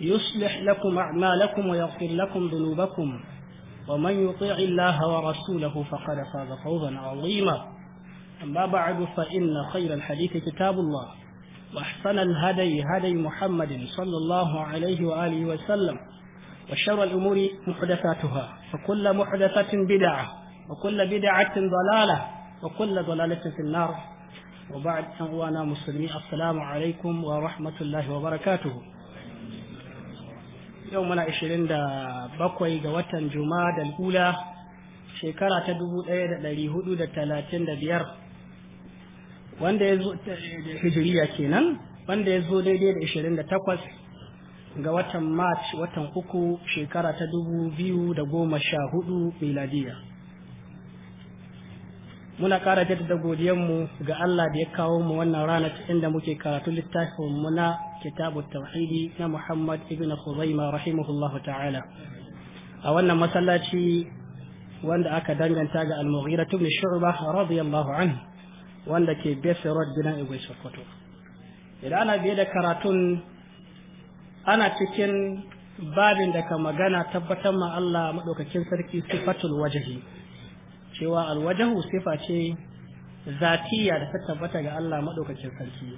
يصلح لكم أعمالكم ويغفر لكم ذنوبكم ومن يطيع الله ورسوله فقد فاز فوزا عظيما أما بعد فإن خير الحديث كتاب الله وأحسن الهدي هدي محمد صلى الله عليه وآله وسلم وشر الأمور محدثاتها فكل محدثة بدعة وكل بدعة ضلالة وكل ضلالة في النار وبعد أخوانا مسلمين السلام عليكم ورحمة الله وبركاته yau muna 27 ga watan juma'a da hula shekara ta 1435 wanda ya zo eh, hijiriya kenan wanda ya zo daidai da 28 ga watan march watan uku shekara ta 2014 miladiya muna ƙara da godiyanmu ga Allah da ya kawo mu wannan rana inda muke karatu littafin mu na kitabu tauhidi na Muhammad ibn Khuzaima rahimahullah ta'ala a wannan masallaci wanda aka danganta ga Al-Mughira ibn Shu'bah radiyallahu anhu wanda ke Besse Road gidan Igwe Sokoto idan ana biye da karatun ana cikin babin da ka magana tabbatar ma Allah madaukakin sarki sifatul wajhi cewa alwajahu sifa ce zatiya da ta tabbata ga Allah madaukakin sarki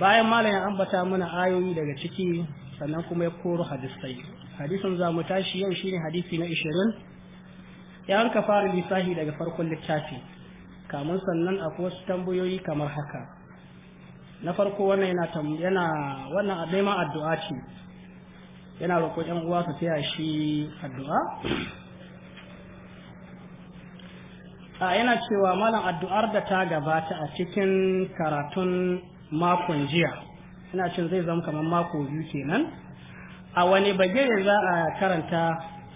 bayan malam ya ambata mana ayoyi daga ciki sannan kuma ya koro hadisai hadisin za mu tashi yau shine hadisi na 20 ya hanka fara lisahi daga farkon littafi kamun sannan akwai wasu tambayoyi kamar haka na farko wannan yana yana wannan neman addu'a ce yana roƙon 'yan uwa su taya shi addu'a a ah, yana cewa malam addu'ar da ta gabata a cikin karatun makon jiya ina cin zai zama kamar mako biyu kenan a wani bagire za a karanta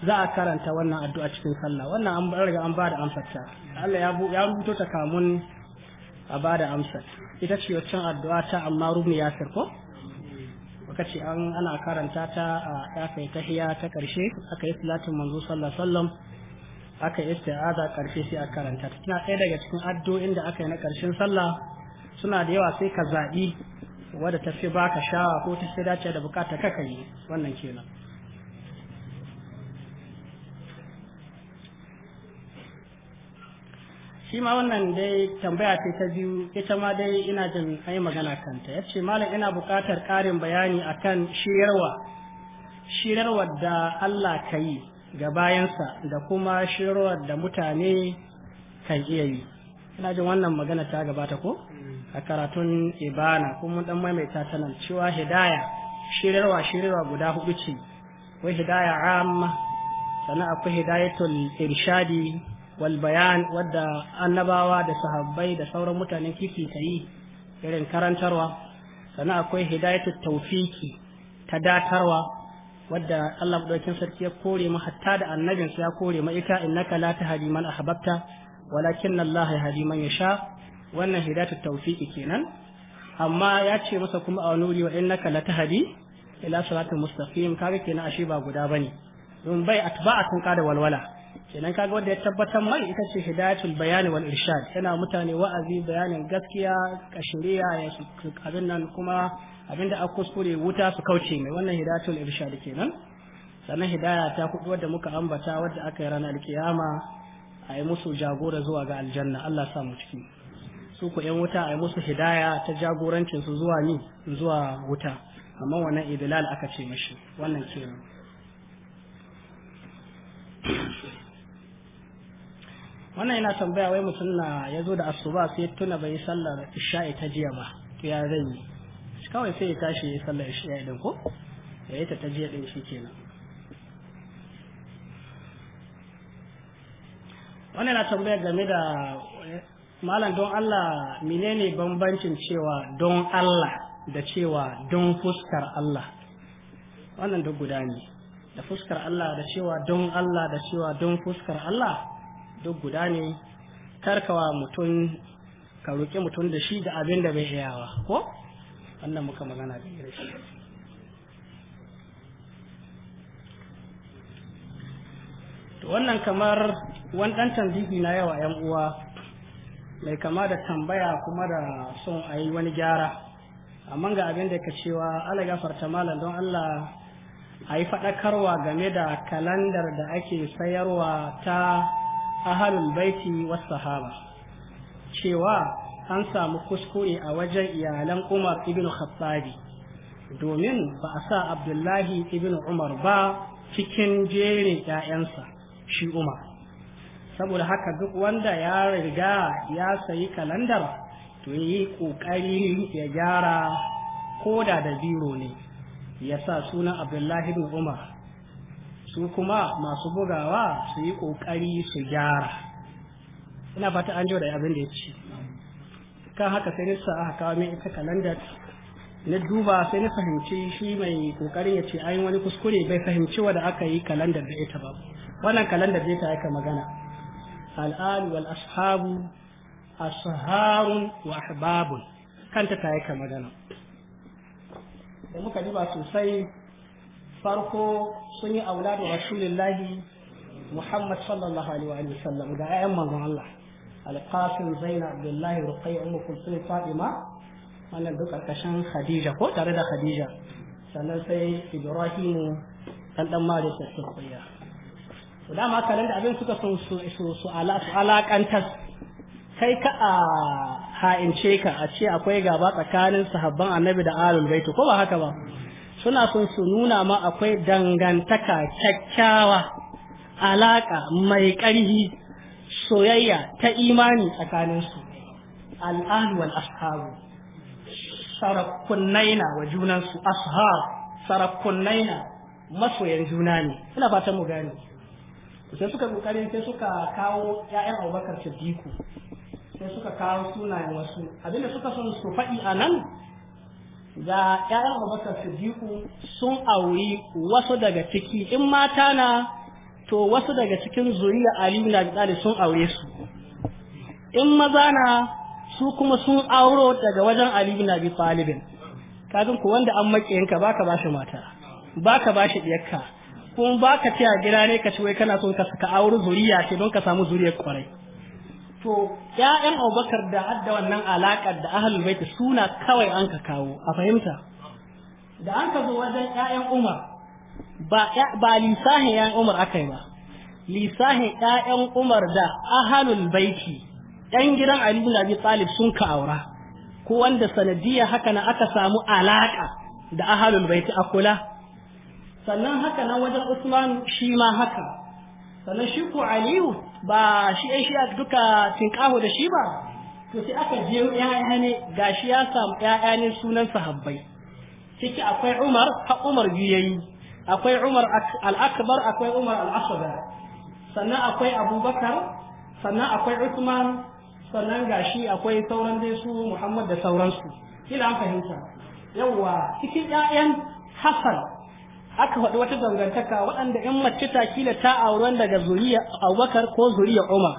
za a karanta wannan addu'a cikin sallah wannan an riga an bada amsarta Allah ya ya rubuto ta kamun a bada amsar ita ce waccan addu'a ta amma rubni ya ko aka ce an ana karanta ta a aka tahiya ta karshe aka yi salatin manzo sallallahu alaihi wasallam aka isti'aza karfe sai a karanta tana ɗaya daga cikin addu'o'in da aka yi na karshen sallah suna da yawa sai ka zaɓi wadda ta fi baka shawa ko ta fi dace da bukata kaka yi wannan kenan shi ma wannan dai tambaya ce ta biyu ita ma dai ina jin ayi yi magana kanta ya ce malam ina buƙatar ƙarin bayani akan shirarwa shirarwa da Allah ka yi ga bayansa da kuma shirwar da mutane kan iya yi ina jin wannan magana ta gabata ko mm. a karatun ibana kuma dan maimaita ta nan cewa hidaya shirarwa shirarwa guda hudu ce akwai hidaya amma sannan akwai hidayatul irshadi wal bayan wadda annabawa da sahabbai da sauran mutanen kiki ta yi irin karantarwa sannan akwai hidayatul tawfiki ta datarwa wadda Allah madaukin sarki ya kore mu hatta da annabin ya kore mu ita innaka la tahdi man ahbabta walakin Allah yahdi man yasha wannan hidayatu tawfiqi kenan amma ya ce masa kuma a wani wa innaka la tahdi ila siratal mustaqim kaga kenan ashe ba guda bane don bai atba'a kun kada walwala kenan kaga wanda ya tabbatar mai ita ce hidayatul bayani wal irshad yana mutane wa'azi bayanin gaskiya kashiriya ya su abin nan kuma abinda a kuskure wuta su kauce mai wannan hidayatul irshad kenan sannan hidaya ta kudu wadda muka ambata wadda aka yi ranar kiyama a yi musu jagora zuwa ga aljanna Allah sa mu ciki su ku yan wuta a yi musu hidaya ta jagorancin su zuwa ni zuwa wuta amma wannan idlal aka ce mashi wannan kenan wannan yana tambaya wai mutum na ya zo da asuba sai tuna bai sallar isha'i ta jiya ba to ya zai kawai sai ya tashi ya sallar shi ya idan ko ya yi ta jiya ɗin shi kenan wannan na tambayar game da malam don Allah menene bambancin cewa don Allah da cewa don fuskar Allah wannan duk guda ne da fuskar Allah da cewa don Allah da cewa don fuskar Allah duk guda ne karkawa mutum ka roƙi mutum da shi da abin da bai yawa ko wannan muka magana da ya rashi to wannan kamar wani ɗan tambihi na yawa yan uwa mai kama da tambaya kuma da son a yi wani gyara amma ga abin da ka cewa ala gafarta malam don allah a yi faɗakarwa game da kalandar da ake sayarwa ta ahalul baiti wasu sahaba cewa an samu kuskure a wajen iyalan Umar ibn Khattabi domin ba a sa Abdullahi ibn Umar ba cikin jerin ‘ya'yansa shi Umar saboda haka duk wanda ya riga ya sayi kalandar to yi ƙoƙari ya gyara koda da biro ne ya sa sunan Abdullahi ibn Umar su kuma masu bugawa su yi ƙoƙari su gyara ina fata an da abin da ya ce kan haka sai nisa a kawo min ita kalandar na duba sai na fahimci shi mai kokarin ya ce ayin wani kuskure bai fahimci da aka yi kalandar da ita ba wannan kalandar da ita aka magana al'adu wal ashabu asharun wa ahbabun kanta ta yi magana da muka duba sosai farko sun yi auladu rasulillahi muhammad sallallahu alaihi wa sallam ga 'ya'yan manzon Allah alqasim zaina abdullahi ruqayya ummu kulsum fatima wannan duk karkashin khadija ko tare da khadija sannan sai ibrahimu dan dan mari ta tsaya to dama abin suka son su su su ala su kai ka a ha'ince ka a ce akwai gaba tsakanin sahabban annabi da alul baitu ko ba haka ba suna son su nuna ma akwai dangantaka kyakkyawa alaka mai ƙarfi soyayya ta imani tsakaninsu al'adu wal ashabu sarakun naina wa junansu ashab sarakun naina masoyan juna ne ina fatan mu gane sai suka kokarin sai suka kawo 'ya'yan Abubakar Siddiqu sai suka kawo sunayen wasu abinda suka son su faɗi a nan ga ƴaƴan Abubakar Siddiqu sun auri wasu daga ciki in mata na to wasu daga cikin zuriya Ali na Abi sun aure su in maza na su kuma sun auro daga wajen Ali na Abi Talib kafin ku wanda an yanka baka bashi mata baka bashi diyarka kun baka taya gida ne ka ci wai kana son ka saka zuriya ce don ka samu zuriyar kwarai to 'ya'yan Abubakar da hadda wannan alaƙar da ahlul baita suna kawai an ka kawo a fahimta da an ka zo wajen 'ya'yan Umar ba lisahin yan Umar akai ba lisahin 'ya'yan Umar da ahalul baiti ɗan gidan Aliyu bin Abi Talib sun ka aura ko wanda sanadiyya haka na aka samu alaka da ahalul baiti a kula sannan haka nan wajen Usman shi ma haka sannan shi ko Aliyu ba shi ai shi duka tinkaho da shi ba to sai aka je ƴaƴa ne shi ya samu ƴaƴa ne sunan sahabbai ciki akwai Umar ha Umar biyu yayi akwai Umar al-Akbar akwai Umar al sannan akwai Abubakar sannan akwai Uthman sannan gashi akwai sauran dai su Muhammad da sauransu kila an fahimta yawa cikin 'ya'yan Hassan aka faɗi wata dangantaka waɗanda ‘yan mace ta kila ta auren daga zuriya Abubakar ko zuriya Umar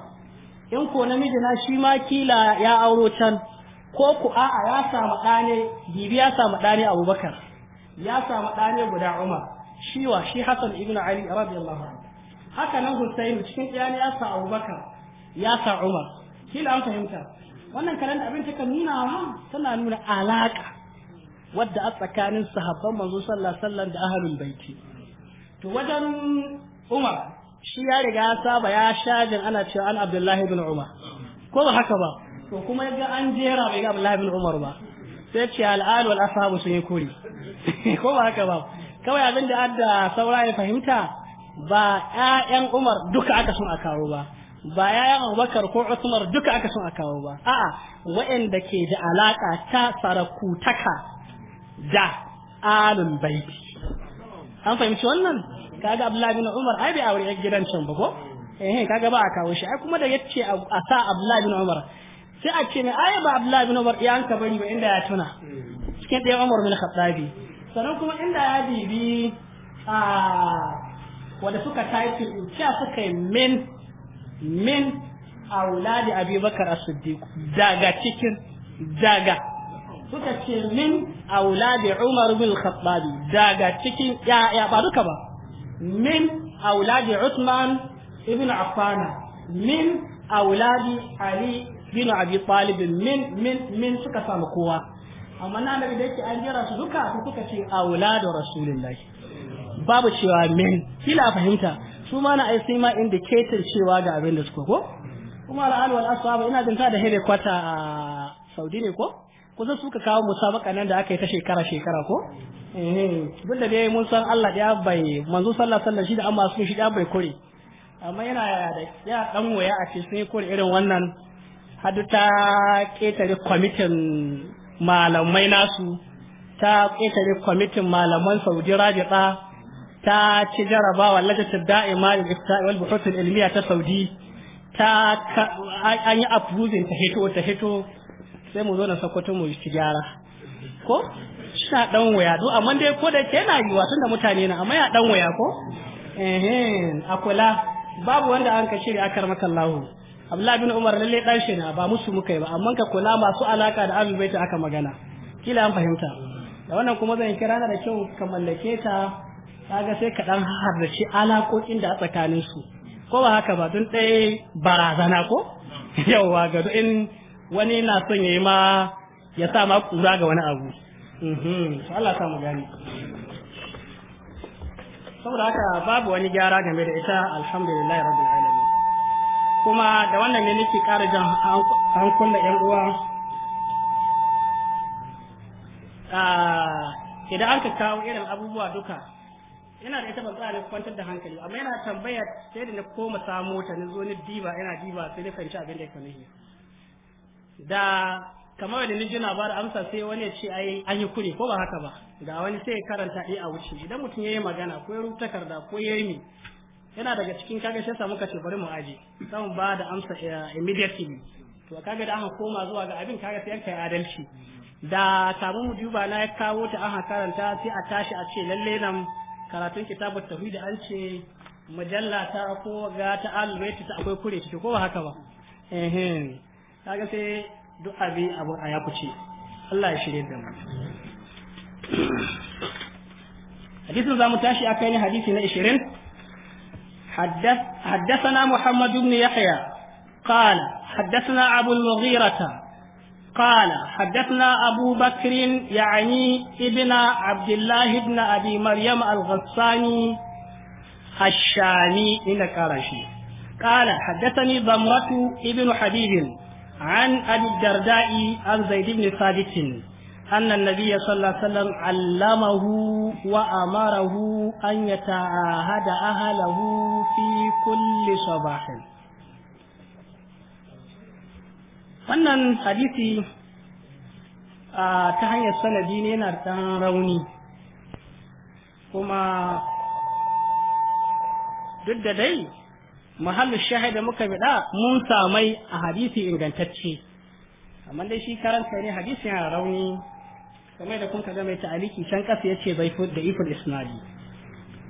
in ko namiji na shi ma kila ya auro can ko ku a'a ya samu ɗane bibi ya samu ɗane Abubakar ya samu ɗane guda Umar shiwa shi Hassan ibn Ali radiyallahu anhu haka nan Husainu cikin iyali ya sa Abubakar ya sa Umar kila an fahimta wannan kalanda abin take nuna mun tana nuna alaka wadda a tsakanin sahabban manzo sallallahu alaihi wasallam da ahlul baiti to wajen Umar shi ya riga ya saba ya shajin ana cewa an Abdullahi ibn Umar ko ba haka ba to kuma yaga an jera bai ga Abdullahi ibn Umar ba sai ce al'al wal ashabu sun yi kuri ko ba haka ba kawai abin da adda saura ya fahimta ba ƴaƴan Umar duka aka son a kawo ba ba ƴaƴan Abubakar ko Usman duka aka son a kawo ba a'a waɗanda ke da alaka ta sarakutaka da alun baiti an fahimci wannan kaga Abdullahi bin Umar ai bai aure gidan can ba ko eh kaga ba a kawo shi ai kuma da yace a sa Abdullahi bin Umar sai a ce mai ai ba Abdullahi bin Umar iyanka bari ba inda ya tuna cikin ɗaya Umar bin Khattabi sannan kuma inda ya bibi a wanda suka tafi cewa suka yi min min a wuladi abubakar as-siddiq daga cikin daga suka ce min a wuladi umar bin khattab daga cikin ya ba duka ba min a wuladi Usman ibn afana min a wuladi ali bin abi talib min min min suka samu kowa amma na nabi da yake an jira su duka su suka ce da rasulillahi babu cewa men kila fahimta su ma na ai sai ma indicator cewa ga abin da suka ko kuma al'al wal asaba ina jinta da hebe kwata a Saudi ne ko kusa suka kawo musabaka nan da aka yi ta shekara shekara ko eh, duk da dai mun san Allah ya bai manzo sallallahu alaihi shi da amma sun shi da bai kore amma yana da ya dan a ce kore irin wannan hadu ta ketare kwamitin malamai nasu ta ƙetare kwamitin malaman saudi rajiɗa ta ci jarabawa lajatar da'ima da ifta'i wal buhutul ilmiya ta saudi ta an yi approving ta hito ta hito sai mu zo na sakwato mu ci gyara ko suna dan waya duk amma dai ko da ke na yiwa tunda mutane na amma ya dan waya ko eh eh. kula babu wanda an ka shirya akar makallahu abdullahi bin umar lalle dan shi na ba musu muka yi ba amma ka kula masu alaka da ahlul aka magana kila an fahimta da wannan kuma zan kira na da kyau ka mallake ta kaga sai ka dan harrace alakokin da a tsakanin su ko ba haka ba don ɗaya barazana ko yawwa ga in wani na son ya ma ya sa ma kura ga wani abu mhm, Allah sa mu gani saboda haka babu wani gyara game da ita alhamdulillah rabbil alamin kuma da wannan ne nake kara jan hankula yan uwa idan an kawo irin abubuwa duka yana da ita ban tsara kwantar da hankali amma yana tambaya sai da na koma samo ta ni zo ni diba ina diba sai na fahimci abin da ya kanu da kamar da nijin labarin amsa sai wani ya ce ai an yi kure ko ba haka ba ga wani sai ya karanta ɗaya a wuce idan mutum ya yi magana ko ya rubuta takarda ko ya yi yana daga cikin kaga shi muka kace bari mu aji zan ba da amsa eh, immediately to kaga da aka koma zuwa ga abin kaga sai kai adalci da sabon mu duba na ya kawo ta aka karanta sai a tashi a ce lalle nan karatun kitabut tauhid an ce mujalla ta ko ga ta alwaiti ta akwai kure ta ko ba haka ba eh eh kaga sai duk abi abu a ya kuce Allah ya shirye da mu hadisin zamu tashi akai ne hadisi na 20 حدث حدثنا محمد بن يحيى قال حدثنا أبو المغيرة قال حدثنا أبو بكر يعني ابن عبد الله بن أبي مريم الغصاني الشامي من كارشي قال حدثني ضمرة ابن حبيب عن أبي الدرداء عن زيد بن ثابت أن النبي صلى الله عليه وسلم علمه وأمره أن يتعاهد أهله في كل صباح wannan hadisi ta hanyar sanadi ne yana ɗan rauni kuma duk da dai mahallin da muka biɗa mun samai a hadisi ingantacce amma dai shi karanta ne hadisi yana rauni kamar da kun kaga mai ta'aliki can kasa ce bai da ifin isnadi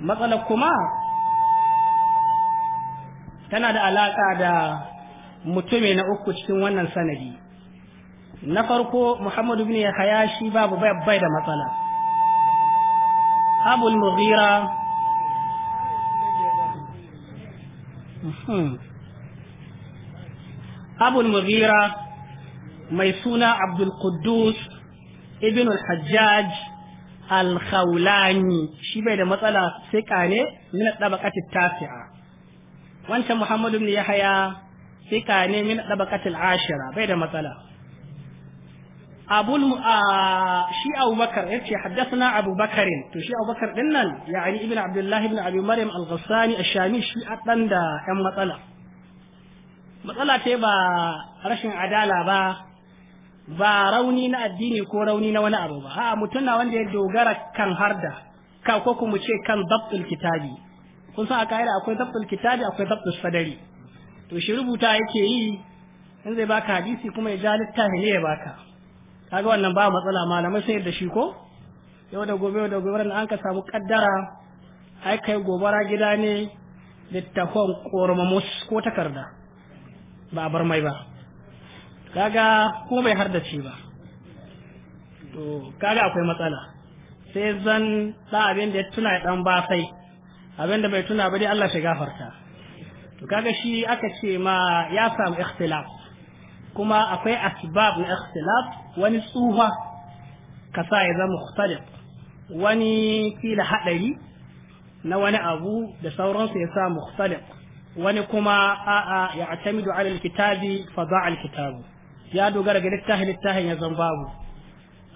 Matsala kuma tana da alaƙa da mutume na uku cikin wannan sanadi na farko muhammadu bin yahaya shi babu bai da matsala abul mughira hmm, abul mughira mai suna abdul quddus ibn al-hajjaj al-khawlani shi bai da matsala sai kane min dabaqati tasi'a wancan muhammad ibn yahya sai kane min dabaqati al-ashira bai da matsala abul shi abubakar yace haddathana abubakar to shi abubakar din nan yani ibn abdullah ibn abi maryam al-ghassani ash-shami shi dan da yan matsala matsala ce ba rashin adala ba ba rauni na addini ko rauni na wani abu ba a'a mutum na wanda ya dogara kan harda ka ko kuma ce kan dabtul kitabi kun san a ka'ida akwai dabtul kitabi akwai dabtul sadari to shi rubuta yake yi in zai baka hadisi kuma ya ja littafi ne ya baka kaga wannan ba matsala malamai sai da shi ko yau da gobe yau da gobe an ka samu kaddara ai kai gobara gida ne littafin kormamus ko takarda ba a bar mai ba kaga ko bai hardace ba to kaga akwai matsala sai zan da abin da ya tuna ya dan basai abin da bai tuna ba dai Allah shi gafarta to kaga shi aka ce ma ya samu ikhtilaf kuma akwai asbab na ikhtilaf wani tsufa kasa ya zama mukhtalif wani kila hadari na wani abu da sauransu ya sa mukhtalif wani kuma a'a ya atamidu ala alkitabi fa da'a alkitabu ya dogara ga littafin littafin ya zan babu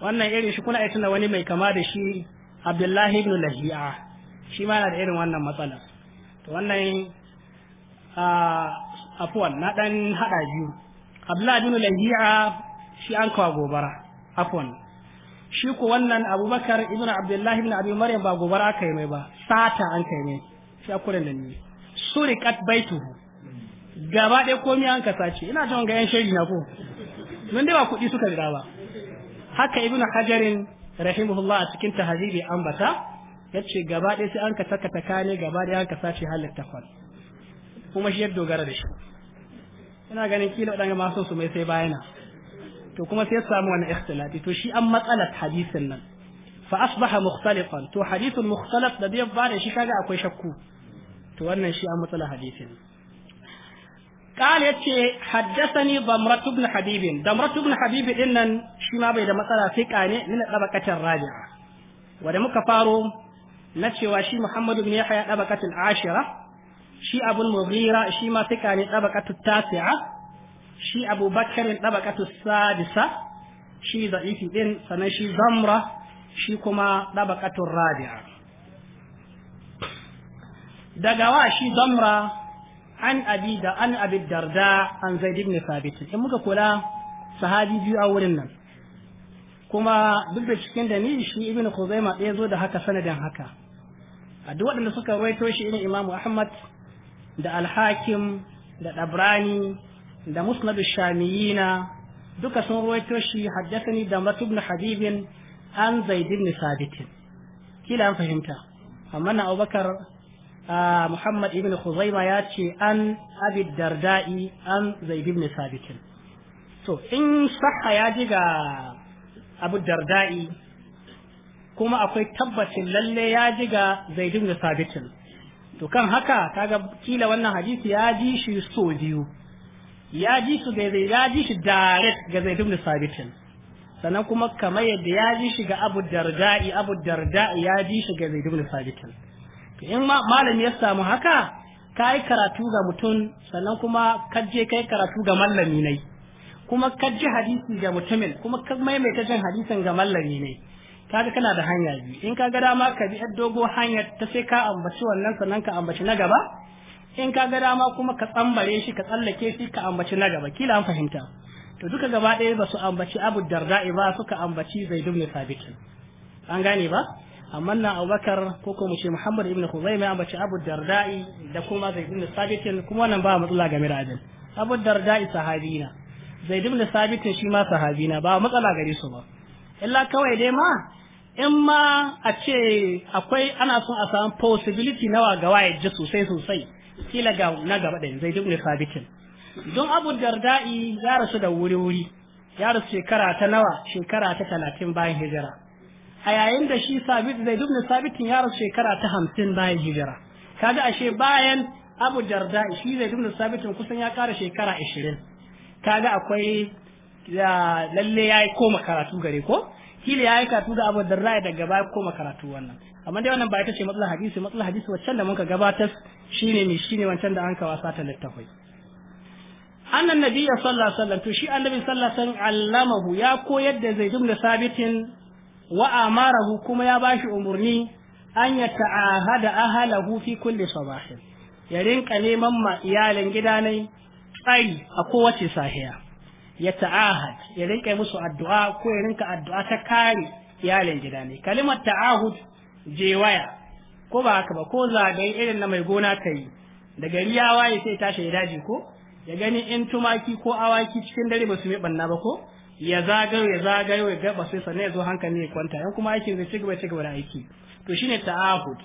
wannan irin shi kuna tuna wani mai kama da shi abdullahi ibn lahiya shi ma yana da irin wannan matsala to wannan afuwan na dan hada biyu abdullahi ibn lahiya shi an kawo gobara afuwan shi ko wannan abubakar ibn abdullahi ibn abi maryam ba gobara aka yi mai ba sata an kai mai shi akurin da Suri suriqat baituhu gaba ɗaya komai an kasace ina jin ga yan shiri na ko don dai ba kuɗi suka riga haka ibnu hajarin rahimahullah a cikin an bata yace gaba sai an ka saka takane gaba ɗaya an ka sace halin tafal kuma shi ya dogara da shi ina ganin kila waɗanda masu su mai sai bayana to kuma sai ya samu wani ikhtilafi to shi an matsalar hadisin nan fa asbaha mukhtalifan to hadithun mukhtalaf da bai bada shi kaga akwai shakku to wannan shi an matsalar hadisin قال يتي حدثني ضمرة بن حبيب ضمرة بن حبيب إن شما بيد مثلا ثقة من الطبقة الراجعة وده مكفارو نتشي وشي محمد بن يحيى طبقة العاشرة شي أبو المغيرة شي ما ثقة من التاسعة شي أبو بكر الطبقة السادسة شي ضعيف إن سنشي ضمرة شي كما طبقة الرابعة دقوا شي ضمره an abi da an abi darda an zai ibn sabit in muka kula sahabi biyu a wurin nan kuma duk da cikin da ni shi ibn khuzaima ɗaya zo da haka sanadin haka a duk waɗanda suka ruwaito shi irin imamu ahmad da alhakim da dabrani da musnad shamiyina duka sun ruwaito shi haddathani da matubn habibin an zaid ibn sabit kila an fahimta amma na abubakar Muhammad ibn Khuzaima ya ce an Abi Darda'i an Zaid ibn Sabit to in sahha ya ji ga Abu Darda'i kuma akwai tabbacin lalle ya ji ga Zaid ibn Sabit to kan haka kaga kila wannan hadisi ya ji shi so biyu ya ji su ga ya ji shi direct ga Zaid ibn Sabit sannan kuma kamar yadda ya ji shi ga Abu Darda'i Abu Darda'i ya ji shi ga Zaid ibn sabitin. in malami ya samu haka ka yi karatu ga mutum sannan kuma kaje ka yi karatu ga mallami ne kuma kaji hadisi ga mutumin kuma ka maimaita jin hadisin ga mallami ne kaga kana da hanya biyu in ka ga dama ka bi yar dogo hanyar ta sai ka ambaci wannan sannan ka ambaci na gaba in ka ga dama kuma ka tsambare shi ka tsallake shi ka ambaci na gaba kila an fahimta to duka gaba ɗaya ba su ambaci abu darda'i ba suka ambaci zai ibn sabitin an gane ba amma na abubakar ko ko mu ce muhammad ibn khuzaima ya bace abu darda'i da kuma zaid ibn sabit kuma wannan ba matsala game da adal abu darda'i sahabina zaid ibn sabit shi ma sahabina ba matsala gare su ba illa kawai dai ma in ma a ce akwai ana son a samu possibility nawa ga wayaje sosai sosai kila ga na gaba da zaid ibn sabit don abu darda'i ya rasu da wuri wuri ya rasu shekara ta nawa shekara ta talatin bayan hijira a yayin da shi sabit zai dubna sabitin ya rasu shekara ta hamsin bayan hijira kaga ashe bayan abu jarda shi zai dubna sabitin kusan ya kara shekara ashirin kaga akwai lalle ya yi koma karatu gare ko kila ya yi karatu da abu ya daga baya koma karatu wannan amma dai wannan ba ita ce matsalar hadisi matsalar hadisi wancan da muka gabatar Shi ne ne wancan da an wasa sata littafai annan nabiyya sallallahu alaihi wasallam to shi annabi sallallahu alaihi wasallam allamahu ya koyar da zai dubna sabitin wa amarahu kuma ya bashi umurni an ya ta'ahada ahalahu fi kulli sabahin ya rinka neman ma iyalin gidanai tsari a kowace sahiya ya ta'ahad ya rinka musu addu'a ko ya rinka addu'a ta kare iyalin gidanai. ne kalimar ta'ahud jewaya ko ba haka ba ko zagaye irin na mai gona ta da gari ya waye sai tashi ya daji ko ya gani in tumaki ko awaki cikin dare ba su mai banna ba ko ya zagayo ya zagayo ya gaba sai sannan ya zo hankali ya kwanta yan kuma aikin zai cigaba cigaba da aiki to shine ta'ahud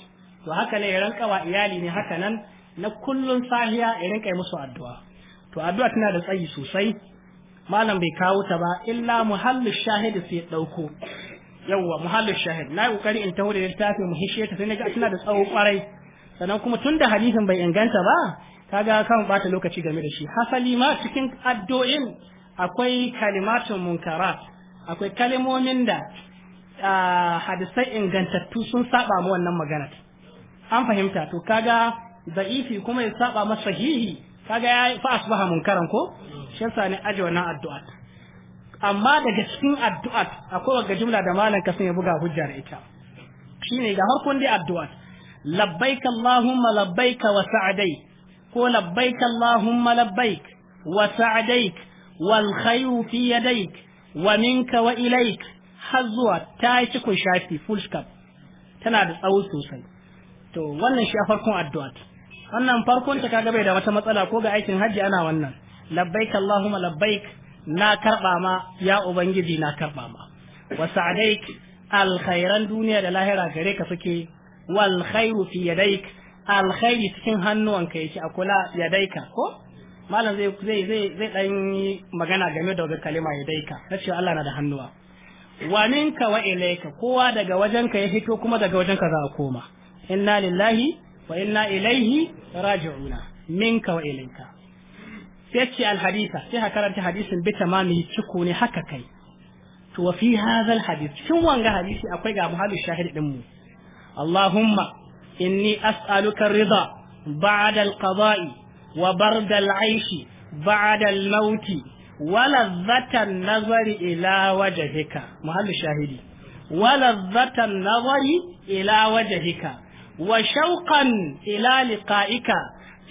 to haka ne ya ranka iyali ne haka nan na kullun sahiya ya rinka musu addu'a to addu'a tana da tsayi sosai malam bai kawo ta ba illa muhallu shahid sai ya dauko yawwa muhallu shahid na kokari in tawo da littafin mu hishe ta sai naga tana da tsawo kwarai sannan kuma tun da hadisin bai inganta ba kaga kan bata lokaci game da shi hasali ma cikin addu'in akwai kalimatun munkara, akwai kalimomin da hadisai ingantattu sun saba ma wannan magana an fahimta to kaga za'ifi kuma ya saba masa sahihi kaga ya fa asbaha munkaran ko shi yasa ne aje wannan addu'a amma daga cikin addu'a akwai wanda jumla da malam kasan ya buga hujja da ita shine ga harkon dai addu'a labbaik allahumma labbaik wa sa'daik ko labbaik allahumma labbaik wa sa'daik wal khayru fi wa minka wa ilayk har zuwa ta yi cikin shafi full tana da tsawo sosai to wannan shi a farkon addu'a wannan farkon ta kaga bai da wata matsala koga aikin hajji ana wannan labbaik allahumma labbaik na karba ma ya ubangiji na karba ma wa sa'adaik alkhairan duniya da lahira gareka ka suke wal khairu fi alkhairi cikin hannuwanka yake a kula yadaika ko malam zai zai zai zai dan yi magana game da wannan kalima ya daika na ce Allah na da hannuwa wa minka wa ilayka kowa daga wajenka ya fito kuma daga wajenka za a koma inna lillahi wa inna ilaihi raji'una minka wa ilayka sai ce alhadisa sai ka karanta hadisin bi tamami ciko ne haka kai to wa fi hadha alhadith wanga hadisi akwai ga muhammad shahid din mu allahumma inni as'aluka ridha ba'da alqada'i wa bar aishi ba'da al-mauti wa ladzatan nazari ila wajhika mahallu shahidi Wala ladzatan nazari ila wajhika wa shauqan ila liqa'ika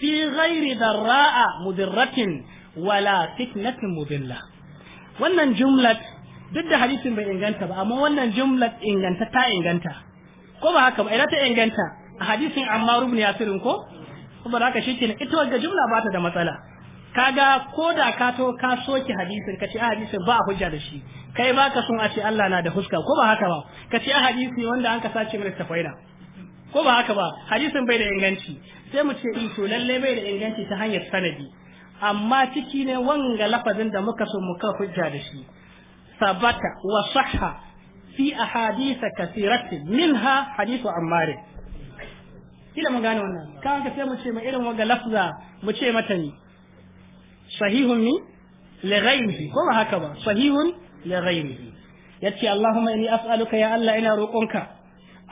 fi ghairi dharra'a mudirratin wala fitnatin mudilla wannan jumlat duk da hadisin bai inganta ba amma wannan jumlat inganta ta inganta ko ba haka ba ina ta inganta a hadisin Ammar ibn Yasir ko kuma da haka ke ita wagga jumla ba ta da matsala kaga ko da ka to ka soki hadisin ka ce a hadisin ba a hujja da shi kai ba ka sun a ce Allah na da huska ko ba haka ba ka ce a hadisi wanda an ka sace mana tafaida ko ba haka ba hadisin bai da inganci sai mu ce in eh, to lalle bai da inganci ta hanyar sanadi amma ciki ne wanga lafazin da muka so muka hujja da shi sabata wa sahha fi ahadith kathiratin minha hadithu ammar kila mun gane wannan kan ka sai mu ce ma irin wanga lafza mu ce mata ni sahihun ni li ghayrihi ko ba haka ba sahihun li ghayrihi yace Allahumma inni as'aluka ya Allah ina roƙonka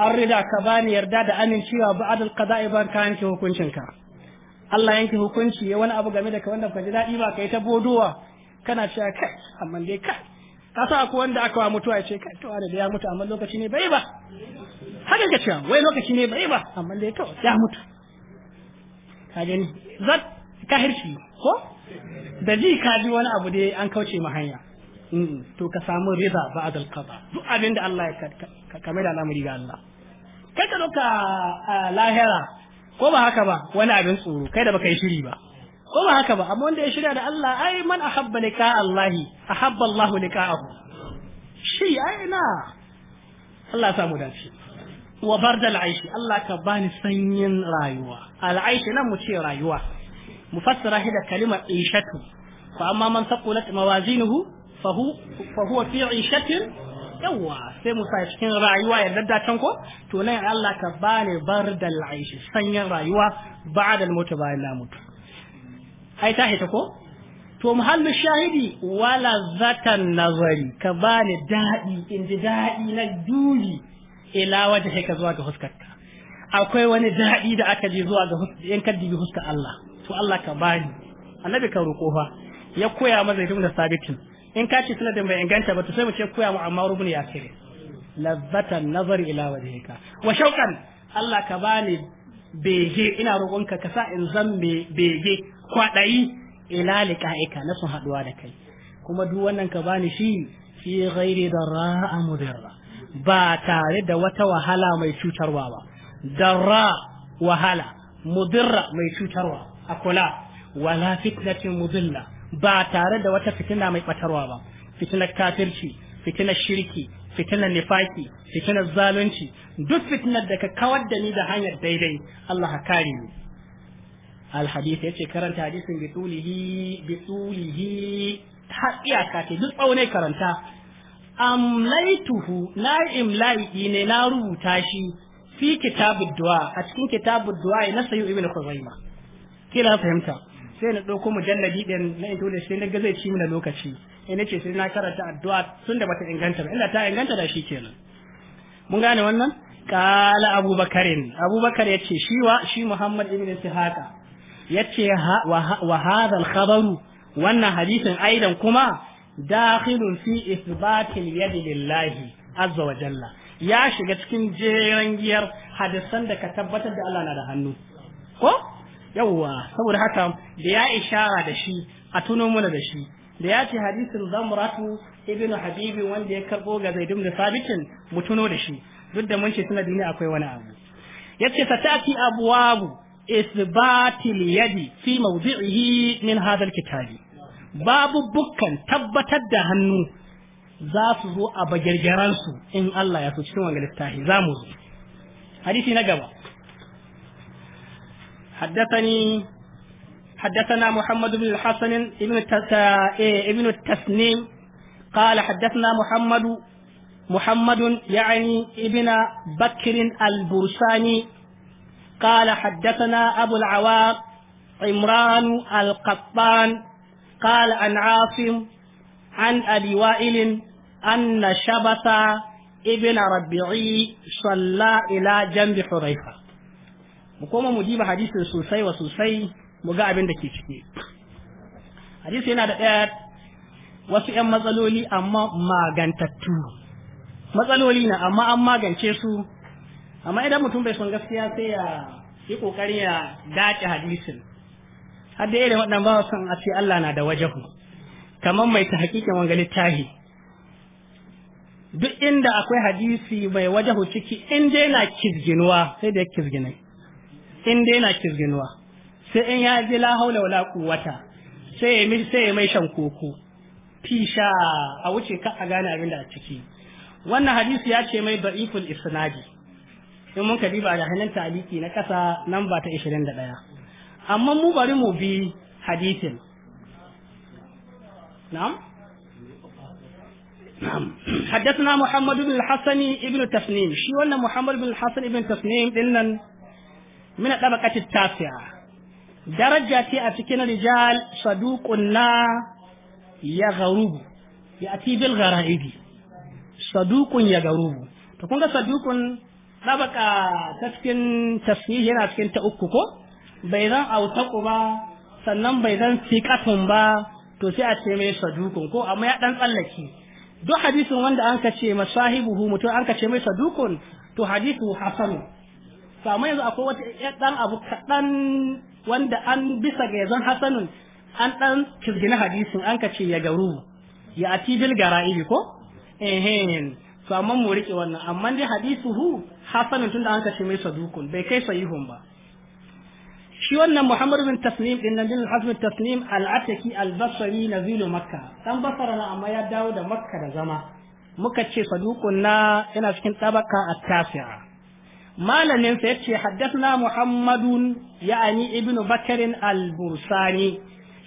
an rida ka bani yarda da amincewa ba adal qadai ban ka yanke hukuncinka Allah yanke hukunci ya wani abu game da ka wanda ka ji daɗi ba ka yi ta bodowa kana cewa kai amma dai kai ka sa wanda aka wa mutuwa ya ce kai to da ya mutu amma lokaci ne bai ba haka ga cewa wai lokaci ne bai ba amma dai to ya mutu ka ni zat ka hirshi ko da ji ka ji wani abu dai an kauce ma hanya to ka samu riza ba adal qada duk abin da Allah ya kame da al'amari ga Allah kai ka doka lahira ko ba haka ba wani abin tsoro kai da baka yi shiri ba ko ba haka ba amma wanda ya shirya da Allah ai man ahabba lika Allah ahabba Allahu lika'ahu shi ai na Allah ya samu dace wa bardal aishi Allah ka bani sanyin rayuwa al'aishi nan mu ce rayuwa mufassara shi da kalimar ishatu fa amma man saqulat mawazinuhu fa hu fa huwa fi ishatin yawa sai mu sa cikin rayuwa ya dadda can ko to nan Allah ka bani bardal aishi sanyin rayuwa ba'da al-mutu bayan na mutu ai ta hita ko to muhallu shahidi wala zatan nazari ka bani dadi inji dadi na duli ila wajhika zuwa ga huskarka akwai wani daɗi da aka je zuwa ga in ka dibi huskar Allah to Allah ka bani annabi ka roƙo fa ya koya maza da sabitin in ka ce da bai inganta ba to sai mu ce koya mu amma rubun ya kire lazzata nazar ila wajhika wa shauqan Allah ka bani bege ina roƙonka ka sa in zan bege kwaɗayi ila liqa'ika na sun haɗuwa da kai kuma duk wannan ka bani shi fi ghairi darra'a mudarra ba tare da wata wahala mai cutarwa ba darra wahala mudirra mai cutarwa a kula wala fitnatin mudilla ba tare da wata fitina mai batarwa ba fitinar kafirci fitinar shirki fitinar nifaki fitinar zalunci duk fitinar da ka kawar da ni da hanyar daidai Allah ka kare ni alhadith yace karanta hadisin bitulihi bitulihi har iyaka ce duk tsaune karanta amlaituhu na imla'i ne na rubuta shi fi kitabud du'a a cikin kitabud du'a na sayu ibn khuzaima kila fahimta sai na dauko mujalladi din na intole sai na ga zai ci mina lokaci sai nace sai na karanta addu'a tun da bata inganta ba inda ta inganta da shi kenan mun gane wannan qala abubakarin abubakar yace shi wa shi muhammad ibn sihaqa yace wa hadha al-khabaru wannan hadisin aidan kuma dakhilun fi isbatin yadi lillahi azza wa jalla ya shiga cikin jeran giyar hadisan da ka tabbatar da Allah na da hannu ko yawwa saboda haka da ya ishara da shi a tuno mana da shi da ya ce hadisin zamratu ibn habibi wanda ya karbo ga zaid ibn sabitin mu tuno da shi duk da mun ce sanadi ne akwai wani abu yace satati abwabu isbatil yadi fi mawdi'ihi min hadha alkitabi babu bukkan tabbatar da hannu za su zo a bagirgiransu in Allah ya so cikin wanga littafi za zo hadisi na gaba haddathani haddathana muhammadu ibn al eh, ibn ibn al-Tasnim qala haddathana Muhammad محمد يعني ابن بكر البرساني قال حدثنا أبو العوام عمران قال عن عاصم عن أبي وائل أن شبث ابن ربيعي صلى إلى جنب حريفة مقوم مجيب حديث سوسي وسوسي مقابل abin da ke ciki hadisi yana da ɗaya wasu 'yan matsaloli amma magantattu matsaloli na amma an magance su amma idan mutum bai son gaskiya sai ya yi ƙoƙari ya dace hadisin har da irin waɗannan ba son a ce Allah na da wajahu kamar mai ta hakikin wanga littafi duk inda akwai hadisi mai wajahu ciki in dai na kizginuwa sai da kizgina in dai na kizginuwa sai in ya ji la haula wala quwwata sai ya mi mai shan koko fisha a wuce ka a gane abin da a ciki wannan hadisi ya ce mai da'iful isnadi in mun ka diba da hannun taliki na kasa nan ba ta 21 amma mu bari mu bi hadisin na'am حدثنا محمد بن الحسن ابن تسنيم شو أن محمد بن الحسن ابن تسنيم إن من الطبقة التاسعة درجة أتكن رجال صدوق لا يغرب يأتي بالغرائب صدوق يغرب تكون صدوق طبقة تسكن تسنيم هنا تسكن تأككو bai zan autaku ba sannan bai zan sikatun ba to sai a ce mai sadukun ko amma ya dan tsallake duk hadisin wanda an ka ce masahibuhu mutum an ka ce mai sadukun to hadisu hasanu to amma yanzu akwai wata dan abu kaɗan wanda an bisa ga yanzu hasanun an dan kirgina hadisin an ka ce ya garu ya ati bil gara'ibi ko ehin to amma mu rike wannan amma dai hu hasanun tunda an ka ce mai sadukun bai kai sahihun ba shi wannan Muhammad bin Tasnim din nan bin Hasm Tasnim al-Ataki al-Basri nazilu Makka dan Basra na amma ya dawo da Makka da zama muka ce saduqun na yana cikin tabaka at-tasi'a malamin sa yace haddathna Muhammadun ya'ani ibnu Bakr al-Bursani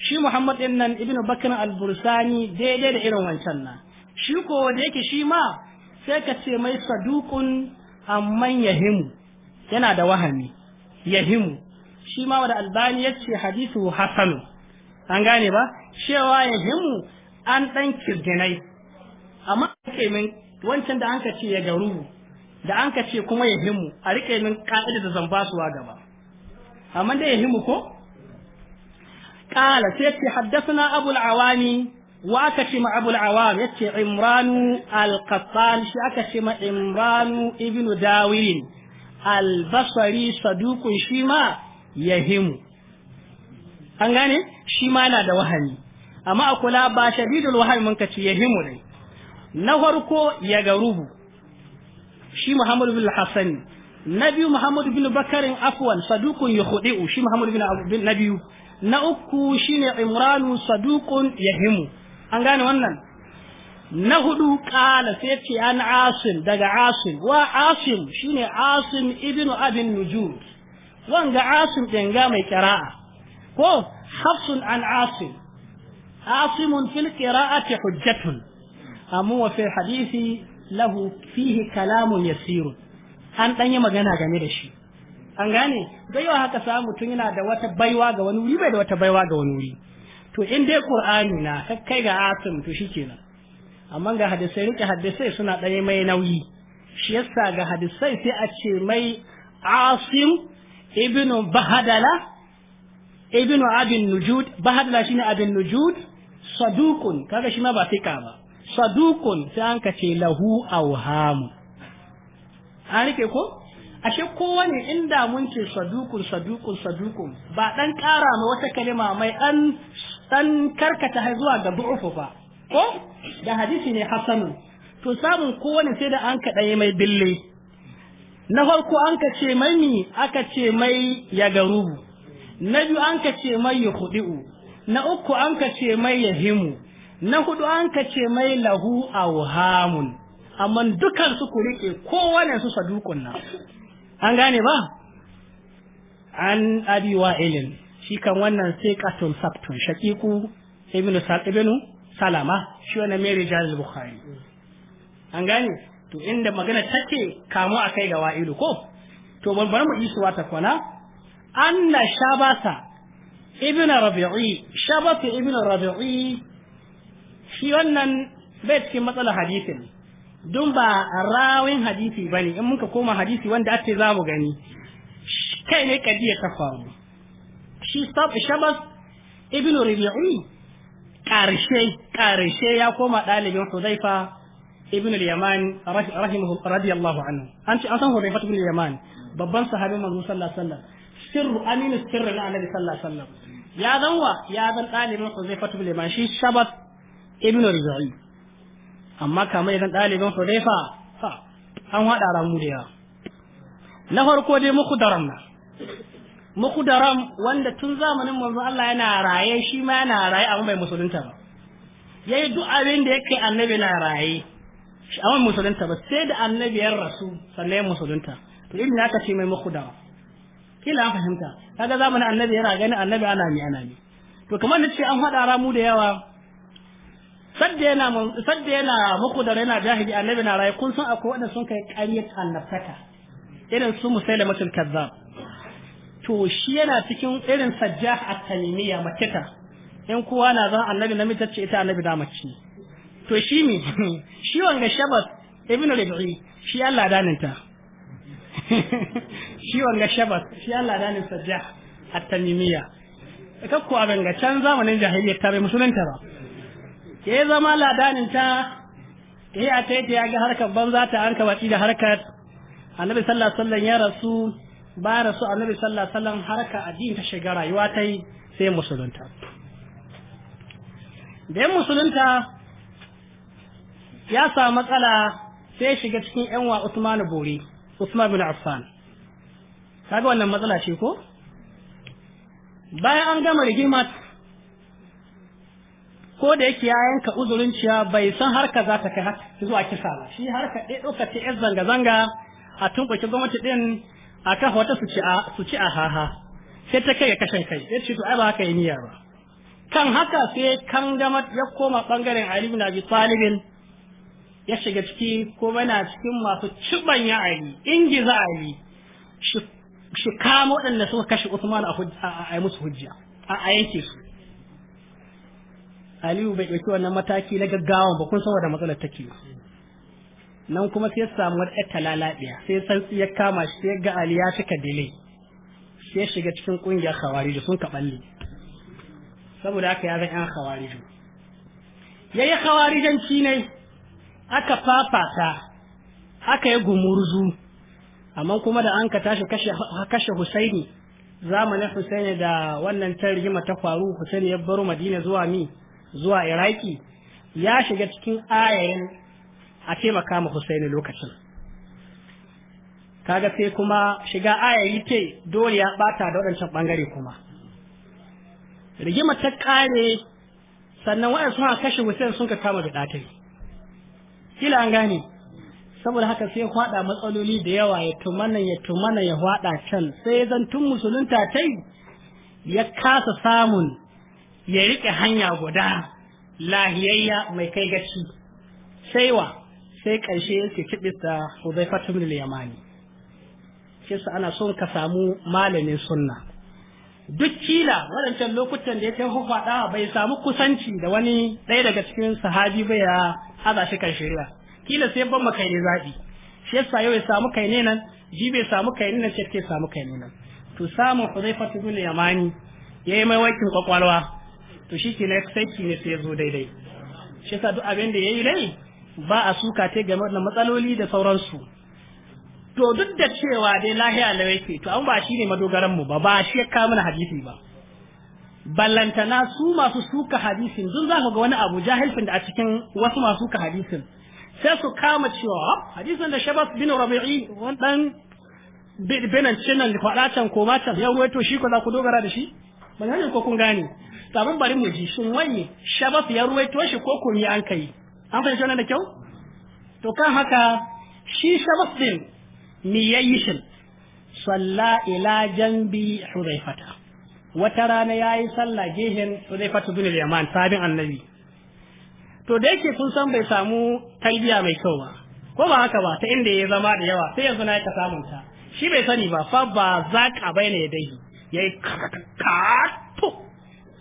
shi Muhammad din nan ibnu Bakr al-Bursani daidai da irin wancan na shi ko da yake shi ma sai ka ce mai saduqun amman yahimu yana da wahami yahimu shi ma wanda albani ya ce hadisu hasanu an gane ba cewa ya himu an ɗan kirginai amma ake min wancan da an ka ce ya garu da an ka ce kuma ya himu a riƙe min ƙa'ida da zan basuwa gaba amma dai ya himu ko ƙala sai ce haddasa na abul ce Imranu أبو shi aka ce ma Imranu عمران Dawirin Albasari البصري shi ma. yahimu an gane shi ma na da wahani amma a kula ba shadidul wahani mun kace yahimu ne na farko ya ga rubu. shi muhammadu bin hasan na biyu muhammadu bin bakarin afwan sadukun yahudi'u shi muhammadu bin na biyu na uku shine imranu sadukun yahimu an gane wannan na hudu kala sai ce an asim daga asim wa asim shine asim ibnu abin nujud wanga asim ɗin ga mai qira'a ko hafsun an asim asimun fil qira'ati hujjatun amma wa fil hadisi lahu fihi kalamun yasir an dan yi magana game da shi an gane da yawa haka samu mutum yana da wata baiwa ga wani wuri bai da wata baiwa ga wani wuri to in dai qur'ani na kai ga asim to shikenan amma ga hadisai rike hadisai suna ɗaya mai nauyi shi yasa ga hadisai sai a ce mai asim ibnu bahadala ibnu abin nujud bahadala shine abin nujud sadukun kaga shi ma ba fika ba sadukun sai an ce lahu auhamu. an rike ko ashe kowane inda mun ce sadukun sadukun sadukun ba dan kara ma wata kalima mai an dan karkata har zuwa ga du'ufu fa ko da hadisi ne hasanun to samun kowane sai da an kaɗa mai bille na farko an ka ce mai mi aka ce mai ya garubu na biyu an ka ce mai ya hudu na uku an ka ce mai ya himu na hudu an ka ce mai lahu awhamun amma dukan su ku rike kowane su sadukun na an gane ba an abi ilin shi kan wannan sai katul sabtun shakiku ibnu salama shi wannan mai rijal bukhari an gane to inda magana take kamu a kai ga wa'ilu ko to bari mu isu wata kwana anna shabasa ibn rabi'i shabasa ibn rabi'i shi wannan bai cikin matsalar hadisin dun ba rawin hadisi bane in muka koma hadisi wanda ake za mu gani kai ne ya kafa mu shi shabas ibn rabi'i karshe karshe ya koma ɗalibin huzaifa ibn al-yaman rahimahu radiyallahu anhu an ce an san hudayfa ibn yaman babban sahabin manzo sallallahu alaihi wasallam sirru aminu sirri na annabi sallallahu alaihi ya zanwa ya zan dalibin hudayfa ibn al-yaman shi shabat ibn rizai amma kamar idan dalibin hudayfa ha an hada ramu da yawa na farko dai mukhdaram wanda tun zamanin manzo Allah yana raye shi ma yana raye amma bai musulunta ba yayi duk abin da yake annabi na raye sha'awar musulunta ba sai da annabi ya rasu sannan musulunta to irin aka ce mai makudawa kila an fahimta kaga zamanin annabi yana gani annabi ana mi ana mi to kamar da ce an haɗa ramu da yawa sadda yana sadda yana makudara yana jahili annabi na rayu kun san akwai wanda sun kai ƙaryar annabtaka irin su musailamatul kazzab to shi yana cikin irin sajjah at-tamimiyya makkata in kowa na zan annabi namiji ce ita annabi da mace to shi ne shi wanga shabas ibn rabi'i shi Allah daninta shi wanga shabas shi Allah danin sajja at-tamimiyya kakko abin ga can zamanin jahiliya ta bai musulunta ba ke zama ladaninta ta ke a ta ya ga harkar banza ta an kabaci da harkar annabi sallallahu alaihi wasallam ya rasu ba rasu annabi sallallahu alaihi wasallam harka addini ta shiga rayuwa ta yi sai musulunta da musulunta ya samu matsala sai shiga cikin yan wa Usman Bori Usman bin Affan kaga wannan matsala ce ko bayan an gama rigima ko da yake ya yanka uzurin ciya bai san harka za ta kai zuwa kisa ba shi harka ɗaya ɗauka ta yan zanga-zanga a tumɓuki gwamnati ɗin a kan wata su ci a haha sai ta kai ga kashin kai ya ce to ai ba haka yi niyya ba kan haka sai kan gama ya koma ɓangaren Ali bin Abi Talibin ya shiga ciki ko yana cikin masu ya ali ingiza ali shi kama waɗanda suka kashe Usman a yi musu hujja a yanke su Aliyu bai ɗauki wannan mataki na gaggawa ba kun san da matsalar take nan kuma sai ya samu wata ƴar talalabiya sai santsi ya kama shi sai ga Ali ya cika delay sai shiga cikin ƙungiyar Khawarij sun kaɓalle saboda haka ya zan ƴan Khawarij yayi Khawarijanci ne aka fafata aka yi gumurzu amma kuma da an ka tashi kashe husaini zamanin husaini da wannan ta rigima ta faru husaini ya baro madina zuwa mi zuwa iraki ya shiga cikin ayayin a taimaka ma husaini lokacin kaga sai kuma shiga ayayi ce dole ya bata da waɗancan ɓangare kuma rigima ta ƙare, sannan waɗansu suna kashe husaini sun ka kama da ɗatai kila an gane saboda haka sai ya matsaloli da yawa ya tumana ya tumana ya faɗa can sai zan tun musulunta tai ya kasa samun ya riƙe hanya guda lahiyayya mai kai gaci sai sai karshe yake kibista Huzaifatu min al-Yamani shi ana son ka samu malamin sunna duk kila waɗancan lokutan da ya kai hufaɗa bai samu kusanci da wani ɗaya daga cikin sahabi bai ya haɗa shi kan shirya kila sai ban makai ne zaɓi shi yau ya samu kai ne nan ji bai samu kai ne nan shi ya samu kai ne nan to samun zai ta dole yamani ya yi mai wakin kwakwalwa to shi ke na sai ne sai ya zo daidai shi sa duk abin da ya yi dai ba a suka ta game da matsaloli da sauransu to duk da cewa dai lahiya lawa to an ba shi ne madogaran mu ba ba shi ya kawo mana hadisi ba ballantana su masu suka hadisin dun za ga wani abu jahilfin da a cikin wasu masu suka hadisin sai su kama cewa hadisin da shabas bin rabi'i wannan binan cinan can ko matan ya ruwaito shi ko za ku dogara da shi ban ko kun gane sabon bari mu ji shin wani shabas ya ruwaito shi ko kun yi an kai an fahimci wannan da kyau to kan haka shi shabas din mi yayi shin salla ila janbi huzaifata wata rana yayi sallah gehen huzaifatu bin al-yaman sabin annabi to da yake sun san bai samu talbiya mai kyau ba ko ba haka ba ta inda ya zama da yawa sai yanzu na yi samun ta shi bai sani ba fa ba za ka bayyana ya dai yayi kato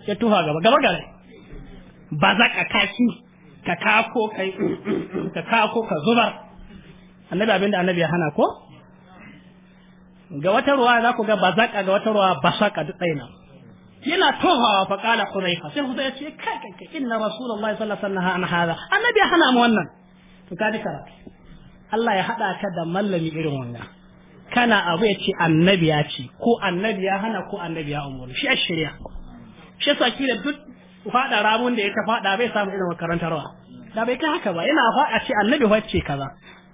ya tuha gaba gaba gare ba za ka kaki ka kako kai ka kako ka zubar annabi abinda annabi ya hana ko ga wata ruwa za ku ga bazaka ga wata ruwa basaka duk ɗaya yana tohawa fa kala hudayfa sai ya ce kai kai kai inna rasulullahi sallallahu alaihi wasallam an hada annabi ya hana mu wannan to ka ji karatu Allah ya hada ka da mallami irin wannan kana abu ya ce annabi ya ce ko annabi ya hana ko annabi ya umuru shi a shirya shi yasa kila duk fada ramun da yake fada bai samu irin makarantarwa da bai kai haka ba yana fa a ce annabi wacce kaza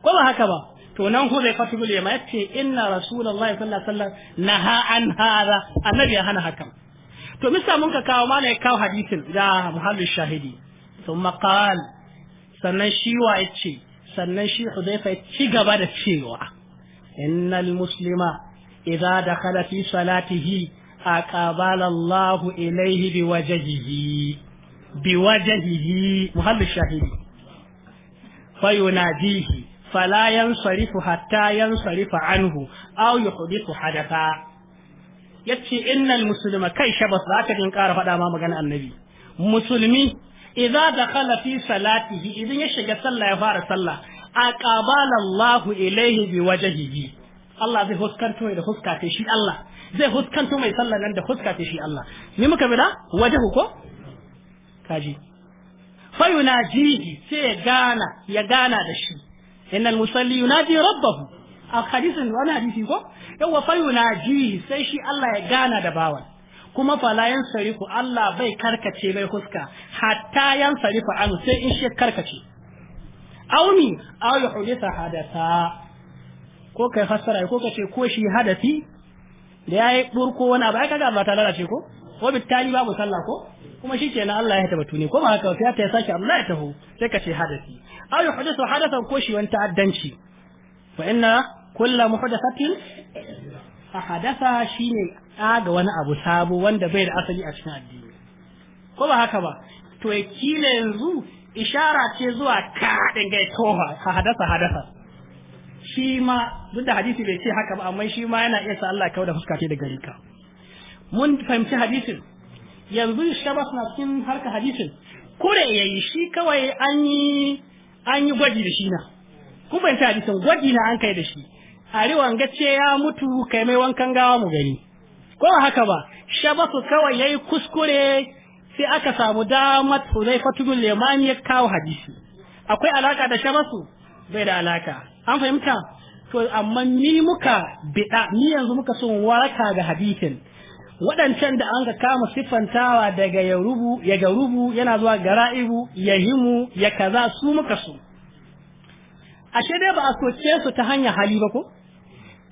ko ba haka ba to nan hu zai fatu bile ma yace inna rasulullahi sallallahu alaihi wasallam naha an hada annabi ya hana hakan to misa mun ka kawo mana ya kawo hadisin da muhallin shahidi thumma qal sannan shi wa yace sannan shi hudayfa ya ci gaba da cewa innal muslima idza dakhala fi salatihi أقبل الله إليه بوجهه بوجهه محل الشهيد فيناديه fala yansarifu hatta yansarifa anhu aw yuhdithu hadatha yace innal muslima kai shabas za ka din ƙara faɗa ma magana annabi musulmi idza dakhala fi salatihi idan ya shiga sallah ya fara sallah aqabala Allahu ilaihi bi wajhihi Allah zai huskanto da huska ta shi Allah zai huskanto mai sallah nan da huska ta shi Allah ni muka bi da wajhu ko kaji fa yunajihi sai gana ya gana da shi innal musalli yunadi rabbahu a hadisin wani hadisi ko yawa fa yunaji sai shi Allah ya gana da bawan kuma fala yan sarifu Allah bai karkace bai huska hatta yan sarifa an sai in shi karkace auni aw yuhdisa hadatha ko kai fassara ko kace ko shi hadasi da yayi burko wani abu ai kaga ba ta lalace ko Ko Bitali babu sallah ko kuma shikenan Allah ya tabbatu ne ko ba haka sai ta saki Allah ya taho sai ka ce hadasi ayu yuhdithu hadathan ko shi wani ta'addanci fa inna kullu muhdathatin Hadasa shine ga wani abu sabo wanda bai da asali a cikin addini ko ba haka ba to kila yanzu ishara ce zuwa kaɗin ga tofa hadasa hadasa shi ma duk da hadisi bai ce haka ba amma shi ma yana iya sa Allah ya kauda fuska ce da gari ka mun fahimci hadisin yanzu shabas na cikin harka hadisin kure yayi shi kawai an yi an yi gwaji da shi na kun fahimci hadisin gwaji na an kai da shi arewan gace ya mutu kai mai wankan gawa mu gani ko haka ba shabasu kawai yayi kuskure sai aka samu damar Huzaifatu bin Lemani ya kawo hadisi akwai alaka da shabasu bai da alaka an fahimta to amma ni muka bida ni yanzu muka son waraka ga hadisin waɗancan da an ka kama siffantawa daga ya ya ga yana zuwa gara'ibu ya himu ya kaza su muka su ashe dai ba a soke su ta hanyar hali ba ko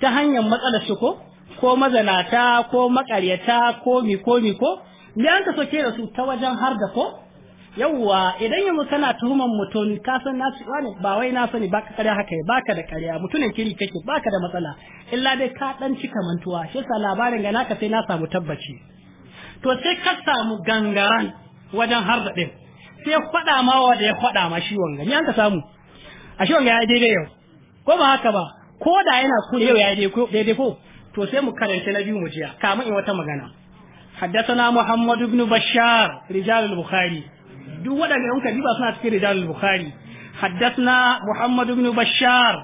ta hanyar matsalar su ko ko mazanata ko makaryata ko mi ko mi ko me an ka soke da su ta wajen har da ko yawwa idan yanzu kana tuhuman mutum kasan san na wani ba wai na sani baka karya haka baka da karya mutumin kiri kake baka da matsala illa dai ka dan cika mantuwa shi yasa labarin ga naka sai na samu tabbaci to sai ka samu gangaran wajen da din sai faɗa ma wanda ya faɗa ma shi wanga ni an ka samu a shi wanga ya daidai yau ko ba haka ba ko da yana kure yau ya daidai ko to sai mu karanta na biyu mu jiya kamun in wata magana حدثنا Muhammadu بن بشار رجال البخاري duk waɗanda yanka ba suna cikin rijal bukhari حدثنا محمد بن بشار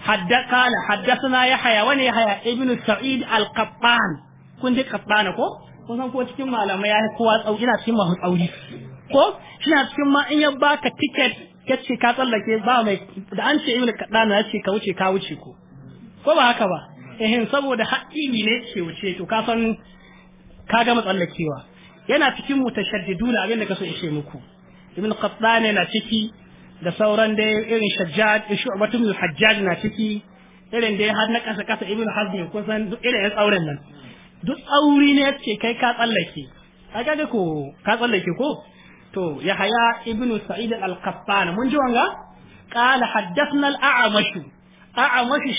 حد قال حدثنا يحيى وني يحيى ابن سعيد القطان كنت قطان كو kun san ko cikin malamai ya kowa tsau ina cikin masu tsauri ko ina cikin ma in ya baka ticket ka ce ka tsallake ba mai da an ce ibnu kadana ya ce ka wuce ka wuce ko ko ba haka ba eh saboda haƙƙi ne ce wuce to ka san ka ga matsallakewa yana cikin mutashaddiduna abin da kasu ishe muku ibn qattan yana ciki da sauran da irin shajjad shu'batu min hajjaj na ciki irin da har na kasa kasa ibn hazm kun san duk irin tsauren nan duk tsauri ne yace kai ka tsallake kaga ko ka tsallake ko to yahya ibn sa'id al-qattan mun ji wanga قال حدثنا الأعمش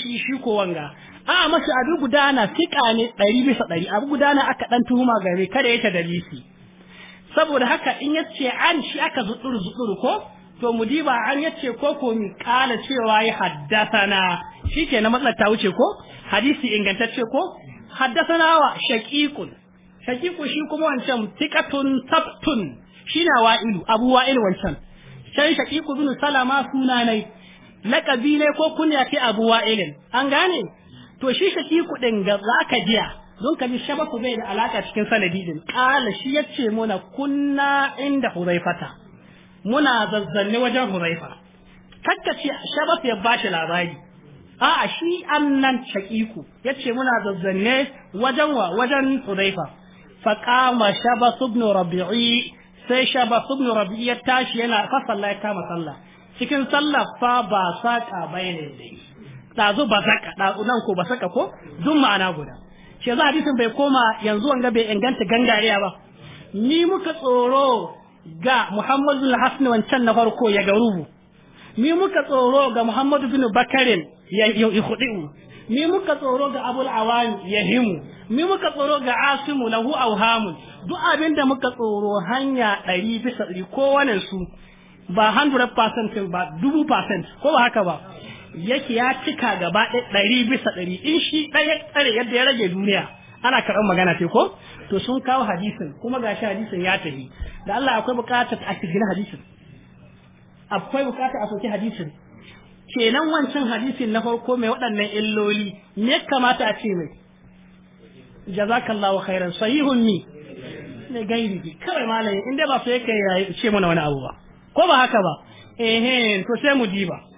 shi shi ko wanga. a masu abu gudana fika ne ɗari bisa ɗari abu gudana aka ɗan tuhuma gare kada ya tadalisi saboda haka in yace an shi aka zuɗuru zuɗuru ko to mu diba an yace ko ko mi kala cewa ya Shi ke na matsalar ta wuce ko hadisi ingantacce ko na wa shaƙiƙun. Shaƙiƙun shi kuma wancan tikatun sabtun shi na wa'ilu abu wailu wancan can shaƙiƙun bin salama suna ne laqabi ne ko kunya ke abu wa'ilin an gane to shi shakiku ɗin ga ka jiya don ka ji shabaku bai da alaƙa cikin sanadi din kala shi yace muna kunna inda huraifata muna zazzanne wajen huraifa kakka ce shabaku ya bashi labari a'a shi nan shakiku yace muna zazzanne wajen wa wajen huraifa faqama shabaku ibn rabi'i sai shabaku ibn rabi'i ya tashi yana fasalla ya kama sallah cikin sallah fa ba saƙa bayanin dai zo ba da nan ko ba saka ko duk ma'ana guda shi za hadisin bai koma yanzu wanga bai inganta gangariya ba ni muka tsoro ga Muhammadu al hasan wancan na farko ya rubu. ni muka tsoro ga Muhammadu bin Bakarin ya ihudu ni muka tsoro ga Abul awan ya himu ni muka tsoro ga Asimu lahu awhamu duk abin da muka tsoro hanya ɗari bisa ɗari kowannen su ba 100% ba dubu percent ko ba haka ba yake ya cika gaba ɗari bisa ɗari in shi ɗaya tsare yadda ya rage duniya ana karɓar magana ce ko to sun kawo hadisin kuma ga shi hadisin ya tafi da Allah akwai buƙatar a gina hadisin akwai buƙatar a soki hadisin kenan wancan hadisin na farko mai waɗannan illoli ne kamata a ce mai jazakallahu khairan sahihun ni ne gairi kawai malami in dai ba su yake ce mana wani abu ba ko ba haka ba ehe to sai mu ji ba.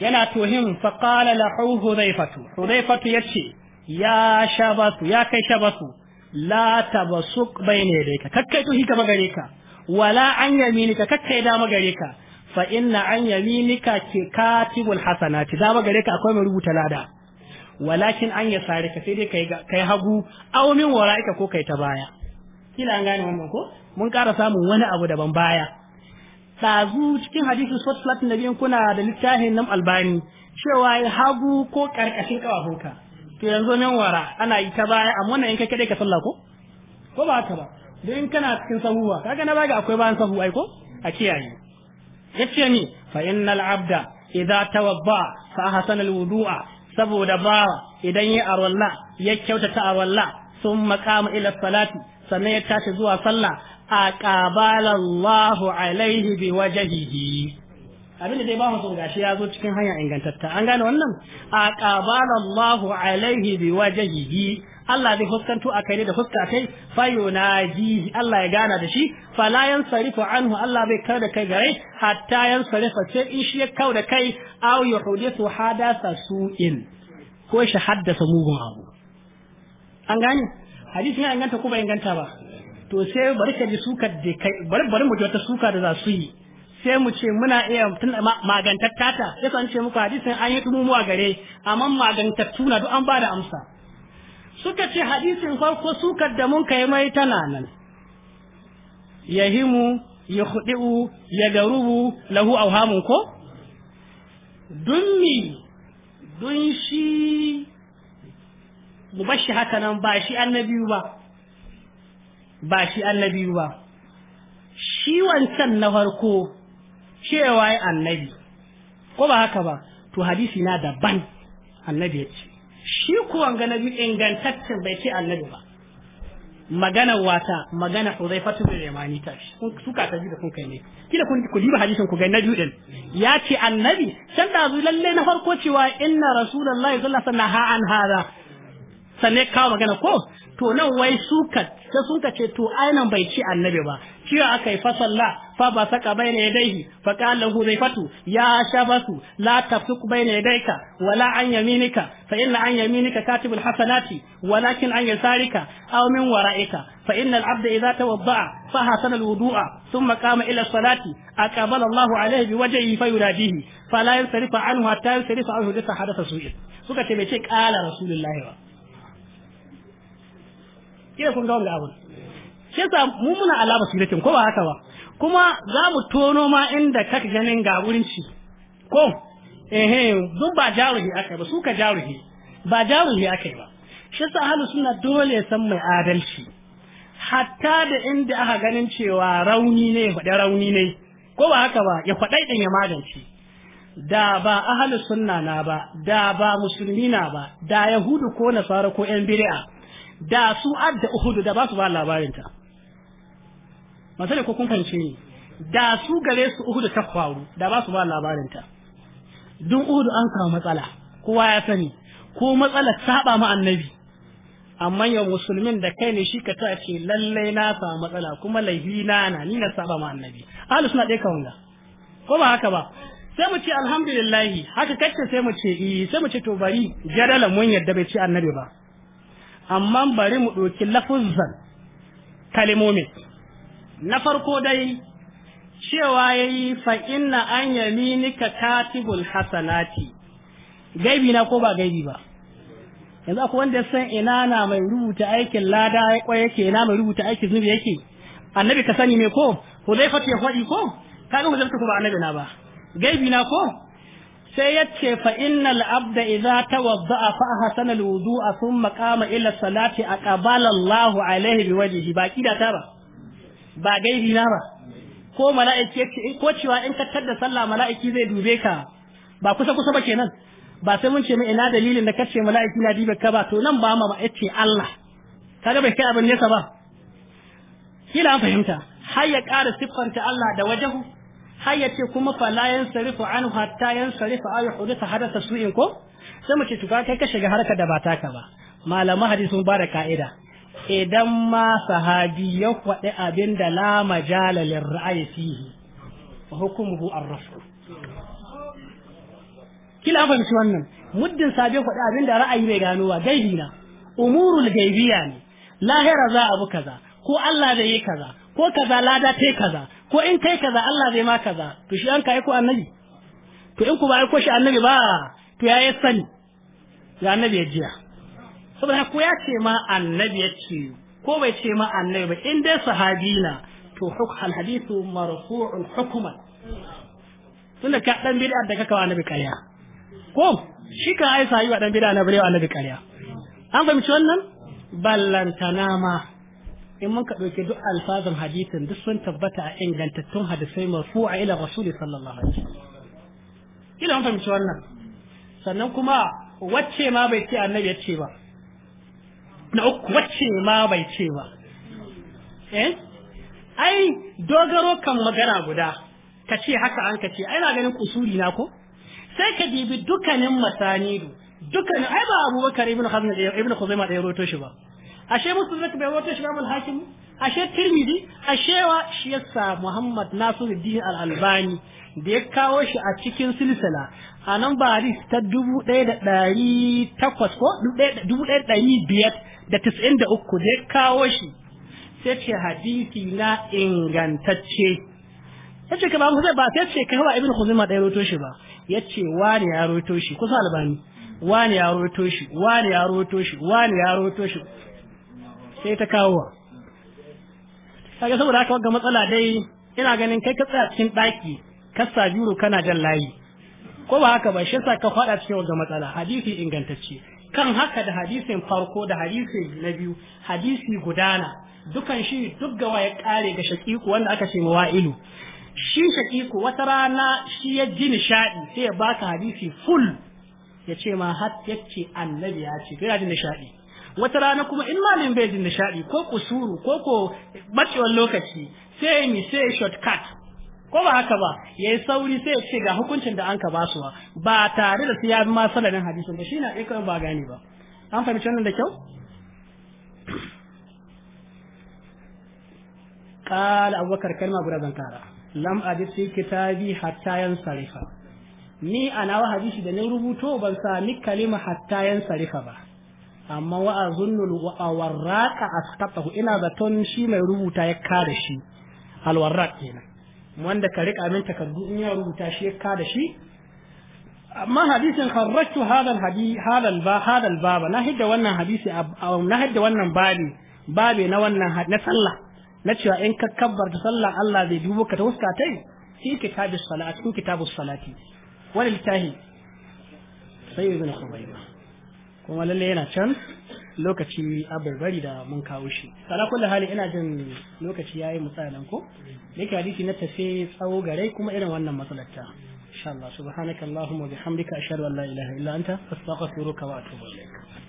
yana tohin fa qala lahu hudhaifatu hudhaifatu yace ya shabatu ya kai shabatu la tabasuq bayna ka kakkai to hika magare ka wala an yaminika kakkai da magare ka fa inna an yaminika ke katibul hasanati da magare ka akwai mai rubuta lada walakin an ya sare ka sai dai kai hagu aw min wara'ika ko kai ta baya kila an gane wannan ko mun ƙara samun wani abu daban baya ɗazu cikin hadisi sot flat na biyun kuna da littafin nan albani cewa ya hagu ko ƙarƙashin kawafuka to yanzu nan wara ana yi ta baya amma wannan in kai kaɗai ka sallah ko ko ba ta ba don in kana cikin sahuwa kaga na baga akwai bayan sahu ai ko a kiyaye yace ni fa innal abda idza tawadda fa ahsana alwudu'a saboda ba idan ya arwalla ya kyautata arwalla sun maqama ila salati sannan ya tashi zuwa sallah aqabala Allahu alaihi bi wajhihi abin da dai ba son gashi ya zo cikin hanya ingantatta an gane wannan aqabala Allahu alaihi bi wajhihi Allah zai fuskanto a kai ne da fuska kai fayunaji Allah ya gana da shi fala yansarifu anhu Allah bai kar da kai gare hatta yansarifa sai in shi ya kau da kai aw yuhdithu hadasa su'in ko shi haddasa mugun abu an gane hadisi ya inganta ko bai inganta ba to sai bari ka ji suka da kai bari bari mu ji wata suka da za su yi sai mu ce muna iya tun magantattata sai ka ce muku hadisin an yi dumumu a gare amma magantattu na duk an ba da amsa suka ce hadisin farko sukar da mun kai mai tana nan yahimu ya hudu ya garubu lahu auhamun ko Dunni dun shi mu bashi haka nan ba shi annabi ba ba shi annabi ba shi wancan na farko cewa ya annabi ko ba haka ba to hadisi na daban annabi ya ce shi kuwan ga nabi ingantaccen bai ce annabi ba magana wata magana huzaifatu bin yamani ta suka ta ji da kun kai ne kila kun ku diba hadisin ku ga na biyu din ya ce annabi san da zu lalle na farko cewa inna rasulullahi sallallahu alaihi wasallam ha an hada sanne kawo magana ko to nan wai suka sai sun ce to ainan bai ci annabi ba cewa aka yi fasalla fa ba saka bai ne daihi fa qala hu zai fatu ya shabasu la tafsuk bai ne ka. wala an yaminika fa inna an yaminika katibul hasanati walakin an yasarika aw min wara'ika fa inna al abda idza tawadda'a fa hasana al wudu'a thumma qama ila salati aqbala Allah alayhi bi wajhihi fa yunadihi fala yansarifa anhu hatta yansarifa anhu hadatha su'il suka ce bai ce qala rasulullahi ba kina kun ga wanda abun shi yasa mu muna alama siratin ko ba haka ba kuma za mu tono ma inda kaka ganin ga wurin ko ehe duk ba jaruhi akai ba su ka jaruhi ba jaruhi akai ba shi yasa ahlus sunna dole san mai adalci hatta da inda aka ganin cewa rauni ne faɗa rauni ne ko ba haka ba ya faɗai ɗin ya magance da ba ahlus sunna na ba da ba musulmi na ba da yahudu ko nasara ko yan bid'a da su adda uhudu da ba su ba labarinta masana ko kun fahimci ne da su gare su uhudu ta faru da ba su ba labarinta dun uhudu an samu matsala kowa ya sani ko matsala saba ma annabi amma yau musulmin da kai ne shi ka ta ce lallai na samu matsala kuma laifi na na ni na saba ma annabi ahlus suna ɗaya kawunga ko ba haka ba sai mu ce alhamdulillahi haka kacce sai mu ce eh, sai mu ce to bari jadala mun yadda bai ce annabi ba amma bari mu ɗauki lafuzan kalimomin na farko dai cewa ya yi fa'inna an yaminika katibul hasanati gaibi na ko ba gaibi ba yanzu akwai wanda ya san ina na mai rubuta aikin lada ya kwa yake ina mai rubuta aikin zubi yake annabi ka sani me ko ko zai fata ya faɗi ko ka ga hujjarta ko ba annabi na ba gaibi na ko sai ya ce fa innal abda idza tawadda'a fa ahsana a thumma qama ila salati aqbala Allahu alaihi biwajhihi ba kida ta ba ba gaibi na ba ko mala'iki yace eh, ko cewa in ka da sallah mala'iki zai dube ka ba kusa kusa ba kenan ba sai mun ce mai ina dalilin da kace mala'iki na dibe ka ba to nan ba ma yace Allah Ka ga bai kai abin nesa ba kila fahimta har ya ƙara siffanta Allah da wajahu har ce kuma fa la sarifu an hatta yansarifa ay su'in ko sai mu ce tuka kai ka shiga harkar da ba taka ba malaman hadisi sun bada ka'ida idan ma sahabi ya faɗi abin da la majala ra'ayi fihi hukumuhu ar-rafu kila fa fahimci wannan muddin sahabi ya faɗi abin da ra'ayi bai gano ba gaibi na umurul gaibiya ne lahira za abu kaza ko Allah da yi kaza ko kaza lada ta kaza ko in kai kaza Allah zai ma kaza to shi an ka aiko annabi to in ku ba aiko shi annabi ba to ya yi sani ya annabi ya jiya saboda ko ya ce ma annabi ya ce ko bai ce ma annabi ba in dai sahabi na to hukal hadithu marfu'ul hukuma tunda ka dan bid'a da kaka wa annabi kariya ko shi ka ai sahibi dan bid'a na bare wa annabi kariya an fahimci wannan ballantana ma in mun ka ɗauki duk alfazan hadisin duk sun tabbata a ingantattun hadisai marfu'a ila rasuli sallallahu alaihi wasallam ila mun fahimci wannan sannan kuma wacce ma bai ce annabi ya ce ba na uku wacce ma bai ce ba eh ai dogaro kan magana guda ka ce haka an ka ce ai na ganin kusuri na ko sai ka dibi dukkanin masanidu dukkanin ai ba abubakar ibn hazm ibn khuzaimah da ya roto shi ba ashe zaka bai wata shiga mul hakimu ashe tirmidhi wa shi yasa muhammad nasiruddin al-albani da ya kawo shi a cikin silsila a nan ba ta dubu ɗaya da ɗari takwas ko dubu ɗaya da ɗari biyar da tis'in da uku da ya kawo shi sai ce hadisi na ingantacce ya ce kamar Hussein ba sai ce kai ba Ibn Khuzaimah da ya roto shi ba ya ce wani ya roto shi kusa albani wani ya roto shi wani ya roto shi wani ya roto shi sai ta kawo kaga saboda haka ga matsala dai ina ganin kai ka tsaya cikin ɗaki kasa sa juro kana jan layi ko ba haka ba shi yasa ka fada cikin ga matsala hadisi ingantacce kan haka da hadisin farko da hadisi na biyu hadisi gudana dukan shi duk gawa ya kare ga shakiku wanda aka ce mawa'ilu shi shakiku wata rana shi ya ji nishadi sai ya baka hadisi full ya ce ma har yace annabi ya ce kai jin nishaɗi. wata rana kuma in malin bai jin nishaɗi ko kusuru ko ko bacewar lokaci sai mi sai shortcut ko ba haka ba ya yi sauri sai ya ce ga hukuncin da an ka basuwa ba tare da sai ya bi ma sanadin hadisin ba shi na ɗaya ba gane ba an fahimci wannan da kyau قال abubakar kalma guda برزان tara لم أجد في كتابي حتى ينصرف ni a nawa hadisi da na rubuto ban sami kalima hatta yan sarifa ba amma wa azunnul warraqa asqatahu ina zaton shi mai rubuta ya kare shi alwarraq kenan wanda ka rika min takardu in ya rubuta shi ya kare shi amma hadisin kharrajtu hadha alhadith hadha alba hadha na hidda wannan hadisi na hidda wannan babi babe na wannan na sallah na cewa in ka kabbarta sallah Allah zai dubo ka ta huska tai fi kitabus salati cikin kitabus salati wal littahi sai ibn khubayma kuma lalle yana can lokaci abarbari da mun kawo shi ala kullu hali ina jin lokaci yayi misalan ko yake hadisi na tafe tsawo gare kuma irin wannan matsalar ta insha Allah subhanakallahumma bihamdika ashhadu an la ilaha illa anta astaghfiruka wa atubu ilaik